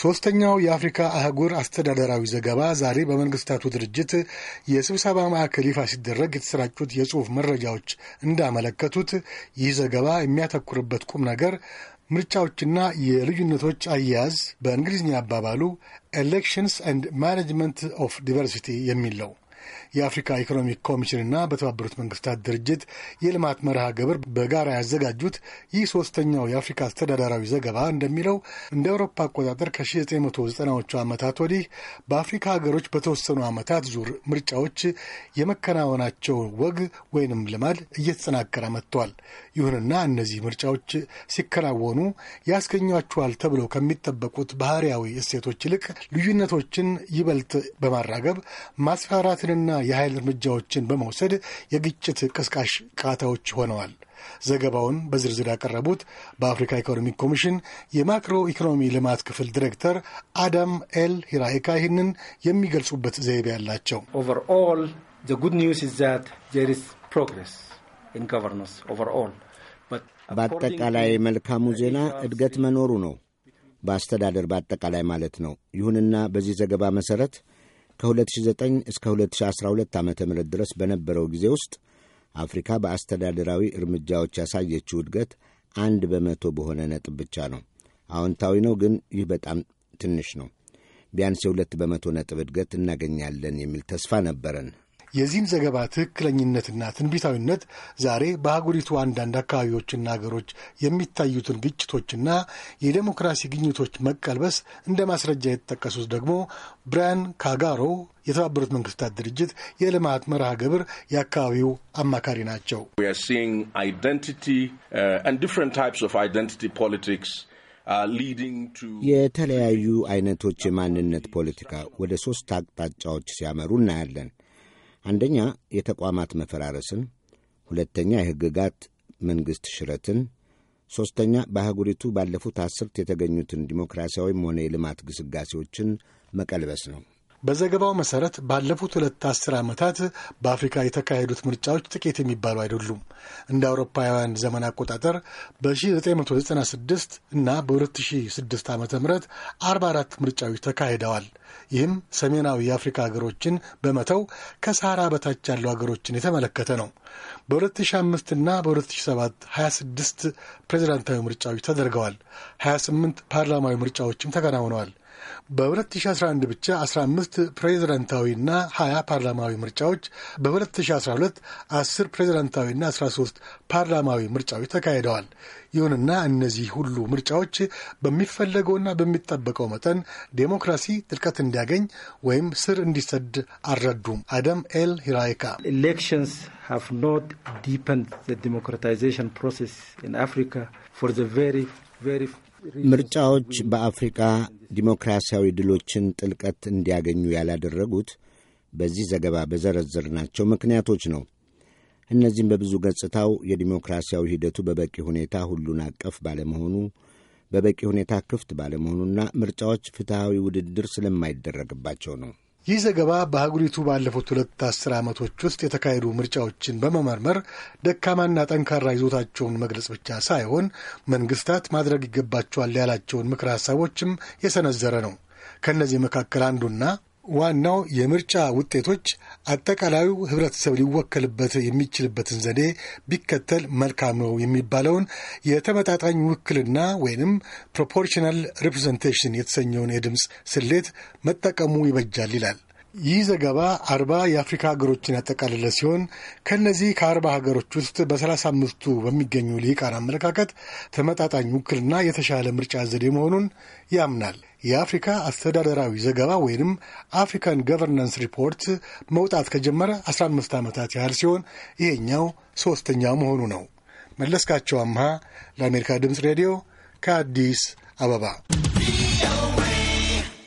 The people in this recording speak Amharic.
ሶስተኛው የአፍሪካ አህጉር አስተዳደራዊ ዘገባ ዛሬ በመንግስታቱ ድርጅት የስብሰባ ማዕከል ይፋ ሲደረግ የተሰራጩት የጽሑፍ መረጃዎች እንዳመለከቱት ይህ ዘገባ የሚያተኩርበት ቁም ነገር ምርጫዎችና የልዩነቶች አያያዝ በእንግሊዝኛ አባባሉ ኤሌክሽንስ ኤንድ ማኔጅመንት ኦፍ ዲቨርሲቲ የሚል ነው። የአፍሪካ ኢኮኖሚክ ኮሚሽንና በተባበሩት መንግስታት ድርጅት የልማት መርሃ ግብር በጋራ ያዘጋጁት ይህ ሶስተኛው የአፍሪካ አስተዳደራዊ ዘገባ እንደሚለው እንደ አውሮፓ አቆጣጠር ከ1990ዎቹ ዓመታት ወዲህ በአፍሪካ ሀገሮች በተወሰኑ ዓመታት ዙር ምርጫዎች የመከናወናቸው ወግ ወይንም ልማድ እየተጠናከረ መጥቷል። ይሁንና እነዚህ ምርጫዎች ሲከናወኑ ያስገኟቸዋል ተብለው ከሚጠበቁት ባህርያዊ እሴቶች ይልቅ ልዩነቶችን ይበልጥ በማራገብ ማስፈራትን የጥብቅና የኃይል እርምጃዎችን በመውሰድ የግጭት ቀስቃሽ ቃታዎች ሆነዋል። ዘገባውን በዝርዝር ያቀረቡት በአፍሪካ ኢኮኖሚ ኮሚሽን የማክሮ ኢኮኖሚ ልማት ክፍል ዲሬክተር አዳም ኤል ሂራይካ ይህንን የሚገልጹበት ዘይቤ ያላቸው በአጠቃላይ መልካሙ ዜና እድገት መኖሩ ነው፣ በአስተዳደር በአጠቃላይ ማለት ነው። ይሁንና በዚህ ዘገባ መሠረት ከ2009 እስከ 2012 ዓ ም ድረስ በነበረው ጊዜ ውስጥ አፍሪካ በአስተዳደራዊ እርምጃዎች ያሳየችው እድገት አንድ በመቶ በሆነ ነጥብ ብቻ ነው። አዎንታዊ ነው፣ ግን ይህ በጣም ትንሽ ነው። ቢያንስ የሁለት በመቶ ነጥብ እድገት እናገኛለን የሚል ተስፋ ነበረን። የዚህም ዘገባ ትክክለኝነትና ትንቢታዊነት ዛሬ በአህጉሪቱ አንዳንድ አካባቢዎችና ሀገሮች የሚታዩትን ግጭቶችና የዴሞክራሲ ግኝቶች መቀልበስ እንደ ማስረጃ የተጠቀሱት ደግሞ ብራያን ካጋሮ የተባበሩት መንግስታት ድርጅት የልማት መርሃ ግብር የአካባቢው አማካሪ ናቸው። uh, uh, የተለያዩ አይነቶች የማንነት ፖለቲካ ወደ ሶስት አቅጣጫዎች ሲያመሩ እናያለን። አንደኛ የተቋማት መፈራረስን፣ ሁለተኛ የሕግጋት መንግሥት ሽረትን፣ ሦስተኛ በአህጉሪቱ ባለፉት አስርት የተገኙትን ዲሞክራሲያዊም ሆነ የልማት ግስጋሴዎችን መቀልበስ ነው። በዘገባው መሰረት ባለፉት ሁለት አስር ዓመታት በአፍሪካ የተካሄዱት ምርጫዎች ጥቂት የሚባሉ አይደሉም። እንደ አውሮፓውያን ዘመን አቆጣጠር በ1996 እና በ2006 ዓ ም 44 ምርጫዎች ተካሂደዋል። ይህም ሰሜናዊ የአፍሪካ ሀገሮችን በመተው ከሳህራ በታች ያሉ ሀገሮችን የተመለከተ ነው። በ2005 እና በ2007 26 ፕሬዚዳንታዊ ምርጫዎች ተደርገዋል። 28 ፓርላማዊ ምርጫዎችም ተከናውነዋል። በ2011 ብቻ 15 ፕሬዝዳንታዊና 20 ፓርላማዊ ምርጫዎች፣ በ2012 10 ፕሬዝዳንታዊና 13 ፓርላማዊ ምርጫዎች ተካሂደዋል። ይሁንና እነዚህ ሁሉ ምርጫዎች በሚፈለገውና በሚጠበቀው መጠን ዴሞክራሲ ጥልቀት እንዲያገኝ ወይም ስር እንዲሰድ አልረዱም። አደም ኤል ሂራይካ ኤሌክሽንስ ሃቭ ኖት ዲፐንድ ዲሞክራታይዜሽን ኢን አፍሪካ ፎር ዘ ምርጫዎች በአፍሪካ ዲሞክራሲያዊ ድሎችን ጥልቀት እንዲያገኙ ያላደረጉት በዚህ ዘገባ በዘረዘርናቸው ምክንያቶች ነው። እነዚህም በብዙ ገጽታው የዲሞክራሲያዊ ሂደቱ በበቂ ሁኔታ ሁሉን አቀፍ ባለመሆኑ፣ በበቂ ሁኔታ ክፍት ባለመሆኑና ምርጫዎች ፍትሐዊ ውድድር ስለማይደረግባቸው ነው። ይህ ዘገባ በአህጉሪቱ ባለፉት ሁለት አስር ዓመቶች ውስጥ የተካሄዱ ምርጫዎችን በመመርመር ደካማና ጠንካራ ይዞታቸውን መግለጽ ብቻ ሳይሆን መንግስታት ማድረግ ይገባቸዋል ያላቸውን ምክር ሀሳቦችም የሰነዘረ ነው። ከእነዚህ መካከል አንዱና ዋናው የምርጫ ውጤቶች አጠቃላዩ ህብረተሰብ ሊወከልበት የሚችልበትን ዘዴ ቢከተል መልካም ነው የሚባለውን የተመጣጣኝ ውክልና ወይንም ፕሮፖርሽናል ሪፕሬዘንቴሽን የተሰኘውን የድምፅ ስሌት መጠቀሙ ይበጃል ይላል። ይህ ዘገባ አርባ የአፍሪካ ሀገሮችን ያጠቃልለ ሲሆን ከእነዚህ ከአርባ ሀገሮች ውስጥ በሰላሳ አምስቱ በሚገኙ ልሂቃን አመለካከት ተመጣጣኝ ውክልና የተሻለ ምርጫ ዘዴ መሆኑን ያምናል። የአፍሪካ አስተዳደራዊ ዘገባ ወይንም አፍሪካን ገቨርናንስ ሪፖርት መውጣት ከጀመረ 15 ዓመታት ያህል ሲሆን ይሄኛው ሦስተኛው መሆኑ ነው። መለስካቸው አምሃ ለአሜሪካ ድምፅ ሬዲዮ ከአዲስ አበባ